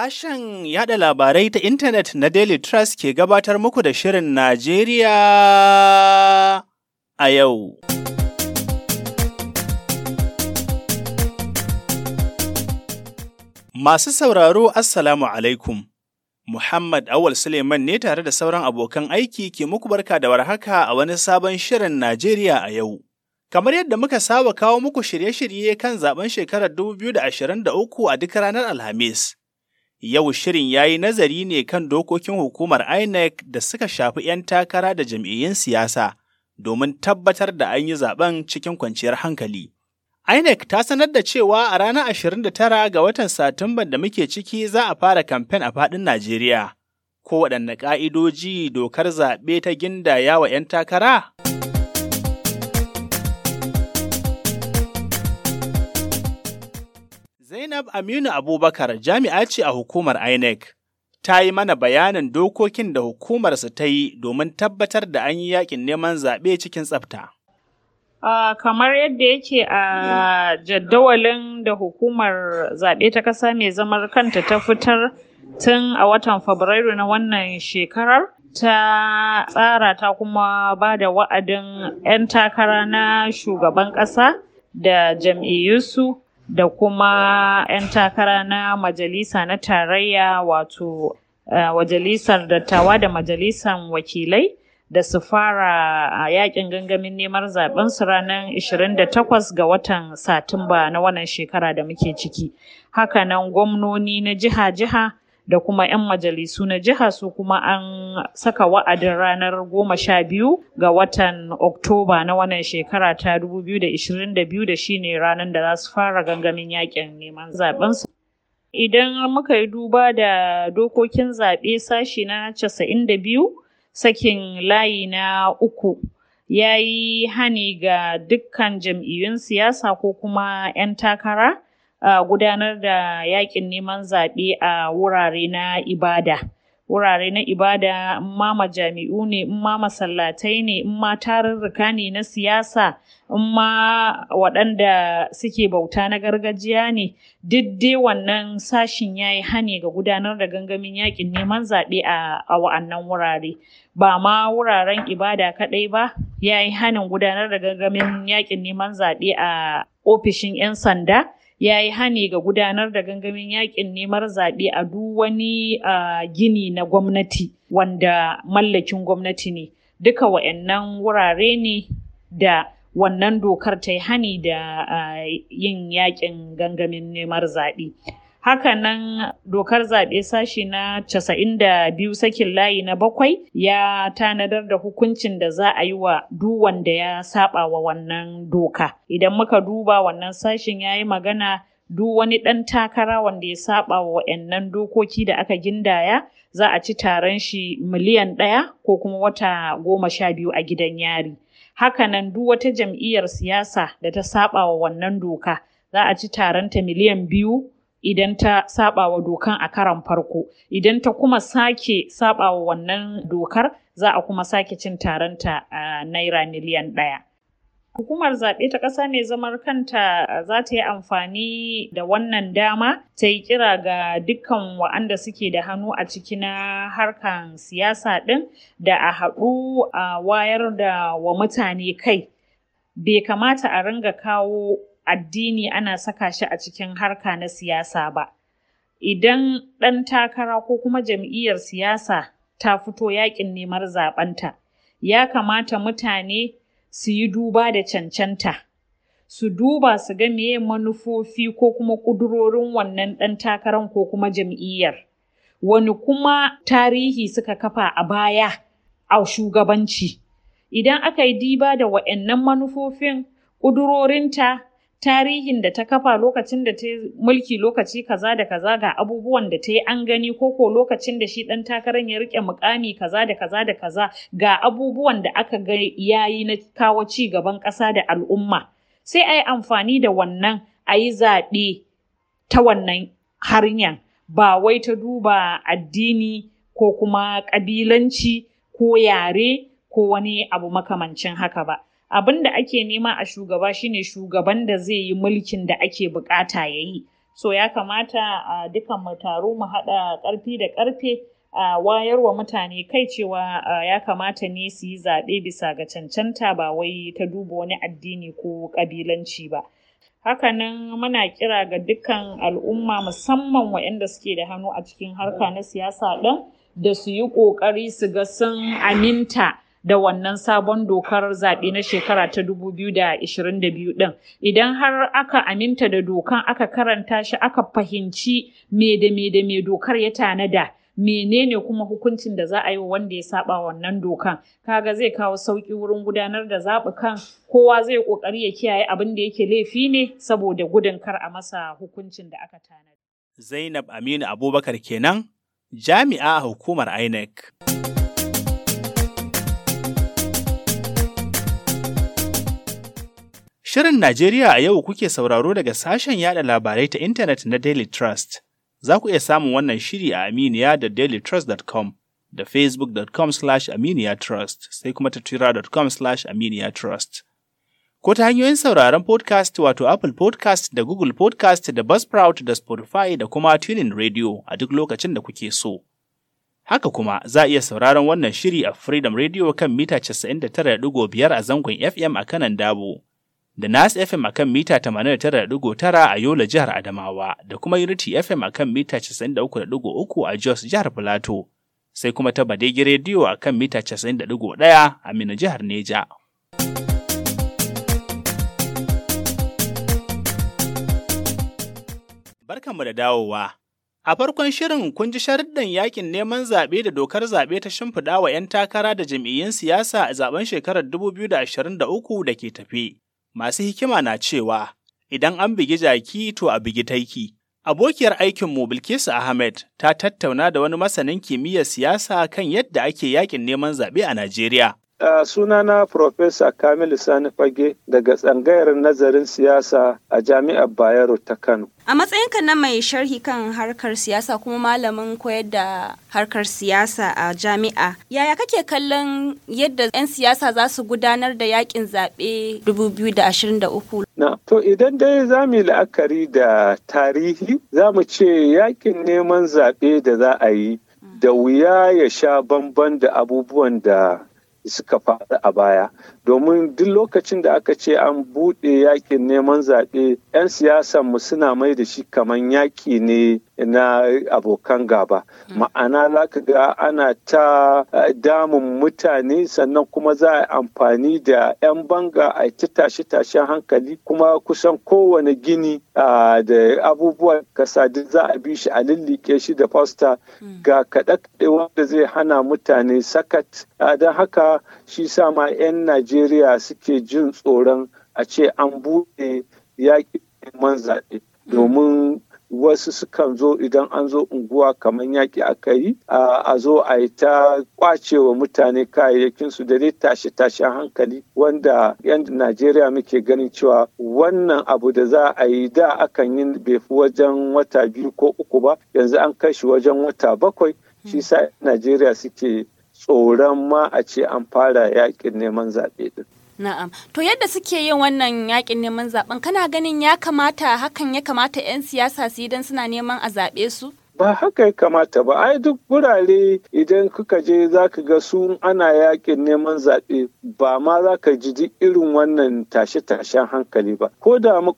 Sashen yada labarai ta intanet na Daily Trust ke gabatar muku da Shirin Najeriya a yau. Masu sauraro Assalamu alaikum. Muhammad Awal Suleiman ne tare da sauran abokan aiki ke muku barka da warhaka a wani sabon Shirin Najeriya a yau. Kamar yadda muka saba kawo muku shirye-shirye kan zaben shekarar 2023 a duk ranar Alhamis. Yau shirin ya yi nazari ne kan dokokin hukumar INEC da suka shafi 'yan takara da jam'iyyun siyasa domin tabbatar da an yi zaben cikin kwanciyar hankali. INEC ta sanar da cewa a ranar 29 ga watan Satumban da muke ciki za a fara kamfen a faɗin Najeriya. Ko waɗanne ƙa'idoji dokar zaɓe ta gindaya wa 'yan takara? Zainab Aminu Abubakar jami'a ce a hukumar INEC. Ta yi mana bayanin dokokin da hukumarsa ta yi domin tabbatar da an yi yakin neman zaɓe cikin tsafta. Uh, kamar yadda yake a uh, jadawalin da hukumar zaɓe ta ƙasa mai zamar kanta ta fitar tun a watan fabrairu na wannan shekarar ta tsara ta kuma ba da wa'adin 'yan takara na shugaban ƙasa da jam'iyyunsu da kuma 'yan takara na majalisa na tarayya wato eh, majalisar dattawa da majalisar wakilai da su fara a yakin gangamin neman zaben su ranar 28 ga watan satumba na wannan shekara da muke ciki hakanan gwamnoni na jiha-jiha da kuma 'yan majalisu na jiha su kuma an saka wa'adin ranar goma sha biyu ga watan oktoba na wannan shekara ta 2022 da shi ne ranar da za su fara gangamin yakin neman zabensu idan muka yi duba da dokokin zaɓe sashi na 92 sakin layi na uku ya yi hani ga dukkan jam'iyyun siyasa ko kuma 'yan takara gudanar da yakin neman zaɓe a wurare na ibada. Wurare na ibada in ma majami'u ne, in ma masallatai ne, in ma tarurruka ne na siyasa, in ma waɗanda suke bauta na gargajiya ne, duk dai wannan sashin ya yi hane ga gudanar da gangamin yakin neman zaɓe a wa'annan wurare. Ba ma wuraren ibada kaɗai ba, ya yi hanin gudanar da gangamin yakin neman zaɓe a ofishin 'yan sanda. ya yi hani ga gudanar da gangamin yakin neman zaɓe a duk wani gini na gwamnati wanda mallakin gwamnati ne. Duka wa'annan wurare ne da wannan dokar ta yi hani da yin yakin gangamin neman zaɓe. Hakanan dokar zaɓe sashi na 92 sakin layi na bakwai ya tanadar da hukuncin da za a yi wa duk wanda ya saba wa wannan doka. Idan muka duba wannan sashin ya yi magana duk wani ɗan takara wanda ya saɓa wa waɗannan dokoki da aka gindaya za a ci taron shi miliyan ɗaya ko kuma wata goma sha biyu a gidan yari. Hakanan duk wata jam'iyyar siyasa da ta saba wa wannan doka za a ci taron ta miliyan biyu idan ta saɓawa dokan a karan farko idan ta kuma sake saɓawa wannan dokar za a kuma sake cin taronta a naira miliyan ɗaya Hukumar zaɓe ta ƙasa mai zamar kanta za ta yi amfani da wannan dama ta yi kira ga dukkan wa'anda suke da hannu a ciki na harkan siyasa ɗin da a haɗu a wayar da wa mutane kai. Bai kamata a ringa kawo addini ana saka shi a cikin harka na siyasa ba. Idan ɗan takara ko kuma jam'iyyar siyasa ta fito yaƙin neman zaɓenta, ya kamata mutane su yi duba da cancanta. su duba su ga meye manufofi ko kuma ƙudurorin wannan ɗan takaran ko kuma jam'iyyar. Wani kuma tarihi suka kafa a baya a shugabanci. Idan aka yi diba da wa'annan manufofin, ƙudurorinta tarihin da ta kafa lokacin da ta mulki lokaci kaza da kaza ga abubuwan da ta yi an gani ko ko lokacin da shi dan takarar ya rike mukami kaza da kaza da kaza ga abubuwan da aka ga yayi na kawo ci gaban ƙasa da al'umma sai a yi amfani da wannan a yi zaɓe ta wannan hanyar ba wai ta duba addini ko kuma ƙabilanci ko yare ko wani abu makamancin haka ba abin da ake nema a shugaba shine shugaban da zai yi mulkin da ake bukata ya yi so ya kamata a dukan mu taro mu haɗa ƙarfi da ƙarfe a wayarwa mutane kai cewa ya kamata ne su yi zaɓe bisa ga cancanta ba wai ta duba wani addini ko ƙabilanci ba hakanan muna kira ga dukkan al'umma musamman waɗanda suke da hannu a cikin harka na siyasa ɗin da su yi ƙoƙari su ga sun aminta da wannan sabon dokar zaɓe na shekara ta 2022 ɗin. Idan har aka aminta da dokan aka karanta shi aka fahimci me da me da me dokar ya tanada. menene kuma hukuncin da za a yi wanda ya saba wannan dokan kaga zai kawo sauƙi wurin gudanar da zaɓukan kowa zai ƙoƙari ya kiyaye abin da yake laifi ne saboda gudun kar a masa hukuncin da aka tanada. Zainab Aminu Abubakar kenan jami'a a hukumar INEC. Shirin Najeriya a yau kuke sauraro daga sashen yada labarai ta intanet na Daily Trust. Za ku iya samun wannan shiri a Aminiya da dailytrust.com da facebook.com slash aminiyatrust sai kuma ta twitter.com slash aminiyatrust. Ko ta hanyoyin sauraron podcast wato Apple podcast da Google podcast da Buzzsprout da Spotify da kuma Tuning Radio a duk lokacin da kuke so. Haka kuma za a iya sauraron wannan shiri a Freedom Radio kan mita 99.5 a zangon FM a kanan Dabo. da Nas FM akan mita 89.9 a Yola jihar Adamawa da kuma Unity FM akan mita 93.3 a Jos jihar Filato. Sai kuma ta Badegi Radio akan mita 90.1 a Mina jihar Neja. Barkanmu da dawowa. A farkon shirin kun ji sharuɗin yakin neman zaɓe da dokar zaɓe ta shimfiɗa wa ‘yan takara da jam'iyyun siyasa a zaɓen shekarar 2023 da ke tafi. Masu hikima na cewa, idan an bigi jaki to a bigi taiki. Abokiyar aikinmu Bilkisu Ahmed ta tattauna da wani masanin kimiyyar siyasa kan yadda ake yakin neman zaɓe a Najeriya. Uh, sunana Profesa Kamilu Sani Fage daga tsangayar nazarin siyasa a Jami'ar Bayero ta Kano. A matsayinka na mai sharhi kan harkar siyasa kuma malamin koyar da harkar siyasa a jami'a, yaya kake kallon yadda 'yan siyasa za su gudanar da yakin zaɓe 2023? Na, to idan dai za mu yi la'akari da tarihi, za mu ce yakin neman zaɓe da za a yi mm. da wuya ya sha bamban da abubuwan da suka faru a baya domin duk lokacin da aka ce an buɗe yakin neman zaɓe 'yan siyasan mu suna mai da shi kamar yaƙi ne na abokan gaba hmm. ma'ana za ka ga ana ta eh, damun mutane sannan kuma za a amfani da 'yan banga a ta tashe-tashen hankali kuma kusan kowane gini da abubuwan kasa duk za a bi shi a lullike shi da fosta hmm. ga kaɗe-kaɗe wanda zai hana mutane sakat don haka shi sa ma 'yan najeriya suke jin tsoron a ce an buɗe yaƙi neman zaɓe mm. domin wasu sukan zo idan an zo unguwa kamar yaƙi aka yi a zo a yi ta wa mutane kayayyakinsu da dai tashe-tashen hankali wanda 'yan najeriya muke ganin cewa wannan abu da za a yi da akan yi bai fi wajen wata biyu ko uku ba yanzu an kai shi wajen wata bakwai shi mm. sa najeriya suke tsoron ma a ce an fara yakin neman zaɓe din. Na'am. To yadda suke yin wannan yakin neman zaɓen, kana ganin ya kamata hakan ya kamata 'yan siyasa su yi don suna neman a zaɓe su? ba haka ya kamata ba ai duk gurare idan kuka je za ka ga su ana yakin neman zaɓe ba ma za ka ji duk irin wannan tashe-tashen hankali ba ko da mu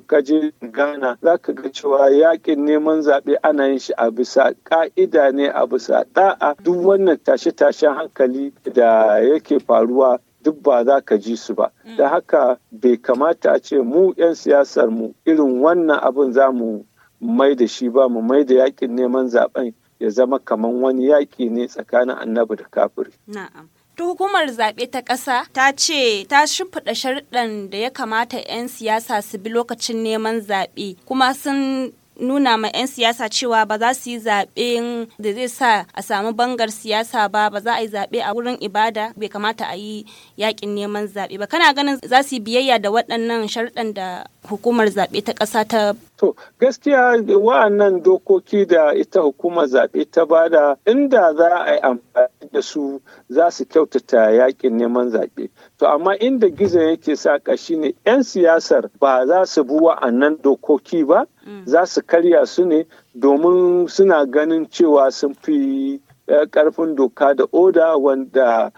ka je gana za ka ga cewa yakin neman zaɓe ana yin shi a bisa ƙa'ida ne a bisa ɗa'a duk wannan tashe-tashen hankali da yake faruwa duk ba za ka ji su ba mm. da haka bai kamata a ce mu 'yan siyasar mu irin wannan abin za mu mai da shi ba mu mai da yakin neman zaben ya zama kamar wani yaƙi ne tsakanin annabi da kafiri. Na'am. ta hukumar zaɓe ta ƙasa ta ce ta shimfiɗa sharɗan da ya kamata 'yan siyasa su bi lokacin neman zaɓe kuma sun nuna ma 'yan siyasa cewa ba za su yi zaɓen da zai sa a samu bangar siyasa ba ba za a yi zaɓe a wurin ibada bai kamata a yi yaƙin neman zaɓe ba kana ganin za su yi biyayya da waɗannan sharɗan da hukumar zaɓe ta ƙasa ta To gaskiya wa'annan dokoki da ita hukumar zaɓe ta bada inda za a yi amfani da su za su kyautata yakin neman zaɓe. To amma inda gizo yake ƙashi ne 'yan siyasar ba za su bi wa'annan dokoki ba, mm. za su karya su ne domin suna ganin cewa sun fi eh, ƙarfin doka da oda wanda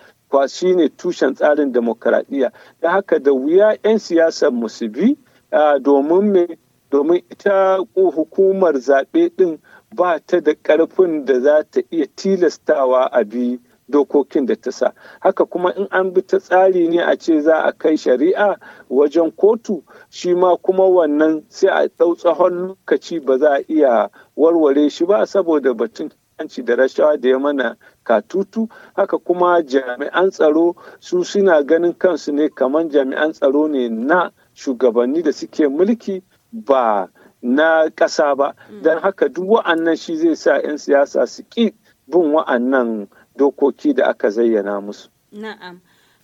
shi ne tushen tsarin demokaradiyya. Da haka da wuya 'yan siyasar musu bi ah, domin me domin ita hukumar zaɓe ɗin ba ta da ƙarfin da za ta iya tilastawa a bi dokokin da ta sa haka kuma in an bi ta tsari ne a ce za a kai shari'a wajen kotu shi ma kuma wannan sai a ɗau tsawon lokaci ba za a iya warware shi ba saboda batun hanci da rashawa da ya mana katutu haka kuma jami'an tsaro su suna ganin kansu ne kamar jami'an tsaro ne na shugabanni da suke mulki ba na ƙasa ba mm. don haka duk wa'annan shi zai sa 'yan siyasa su ƙi bin wa'annan dokoki da aka zayyana musu. Na'am.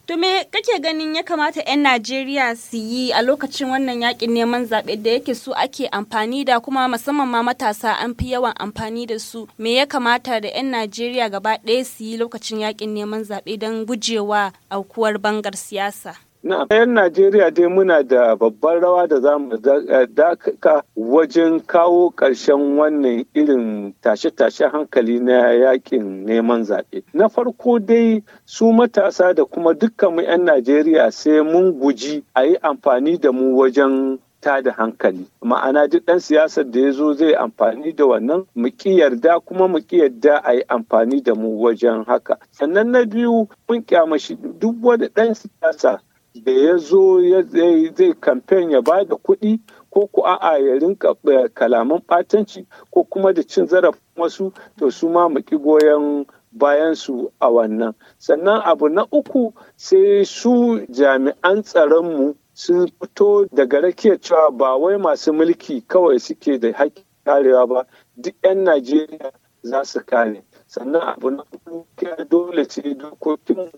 To me kake ganin ya kamata 'yan Najeriya su yi a lokacin wannan yakin neman zaɓe da yake su ake amfani da kuma musamman ma matasa an fi yawan amfani da su me ya kamata da 'yan Najeriya gaba ɗaya su yi lokacin yakin neman zaɓe don gujewa aukuwar bangar siyasa? Na yan Najeriya dai muna da babbar rawa da za mu eh, dakaka wajen kawo ƙarshen wannan irin tashe-tashe hankali na yakin neman zaɓe. Na farko dai su matasa da kuma dukkan mu 'yan Najeriya sai mun guji a yi amfani da mu wajen ta da hankali ma'ana duk ɗan siyasar da ya zo zai amfani da wannan mu yarda kuma mu yarda a yi amfani da mu wajen haka sannan na biyu mun kyamashi duk wani ɗan siyasa da ya zo zai kamfen ya ba da kuɗi ko ku a'a ya eh, kalaman ɓatanci ko kuma da cin zarafin wasu to su ma mu goyon bayansu a wannan sannan abu na uku sai su jami'an tsaronmu sun fito daga rakiya cewa ba wai masu mulki kawai suke da haƙƙin karewa ba duk 'yan najeriya za su kare sannan abu na uku dole ce dokokin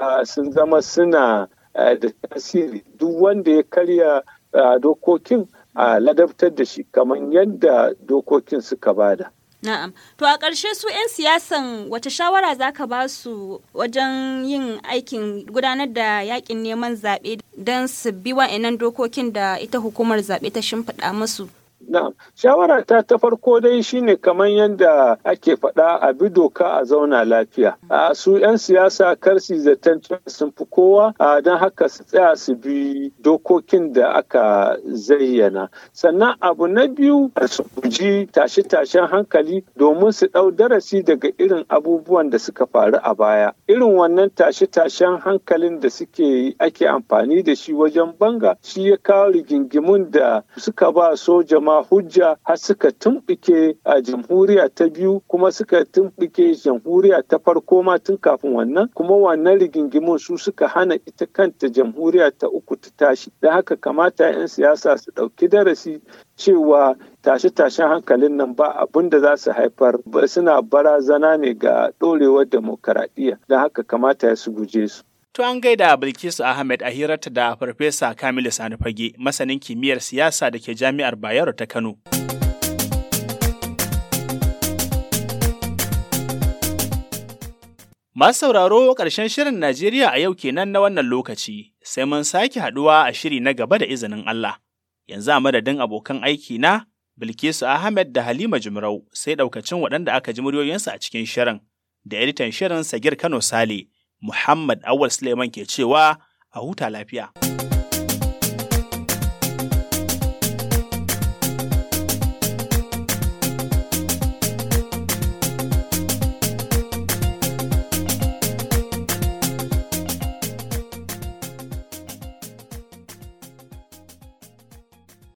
ah, sun zama suna Eh, da tasiri duk wanda ya karya eh, dokokin a ladabtar da shi kamar yadda dokokin suka bada. Na'am. To a ƙarshe su 'yan siyasan wata shawara za ka ba su wajen yin aikin gudanar da yakin neman zaɓe don su bi wa'annan dokokin da ita hukumar zaɓe ta shimfiɗa musu? Na'am, shawara ta farko dai shine kamar yadda ake faɗa a bi doka a zauna lafiya. A su 'yan siyasa kar su zaton sun fi kowa a don haka su tsaya su bi dokokin da aka zayyana. Sannan abu na biyu su guji tashe-tashen hankali domin su ɗau darasi daga irin abubuwan da suka faru a baya. Irin wannan tashe-tashen hankalin da suke ake amfani da shi wajen banga shi ya kawo rigingimun da suka ba soja ma zama hujja har suka tumɓike a jamhuriya ta biyu kuma suka tumɓike jamhuriya ta farko ma tun kafin wannan kuma wannan rigingimun su suka hana ita kanta jamhuriya ta uku ta tashi da haka kamata 'yan siyasa su ɗauki darasi cewa tashe-tashen hankalin nan ba abin da za su haifar suna barazana ne ga ɗorewar demokaradiyya don haka kamata ya su guje su. To an gaida Bilkisu Ahmed a hirarta da Farfesa Kamilu Sani Fage, masanin kimiyyar siyasa da ke Jami'ar Bayero ta Kano. Masu sauraro ƙarshen shirin Najeriya a yau kenan na wannan lokaci, sai mun sake haɗuwa a shiri na gaba da izinin Allah. Yanzu a madadin abokan aiki na Bilkisu Ahmed da Halima Jumrau sai ɗaukacin waɗanda aka ji muryoyinsu a cikin shirin, da editan shirin Sagir Kano Sale. Muhammad Awal Suleiman ke cewa a huta lafiya.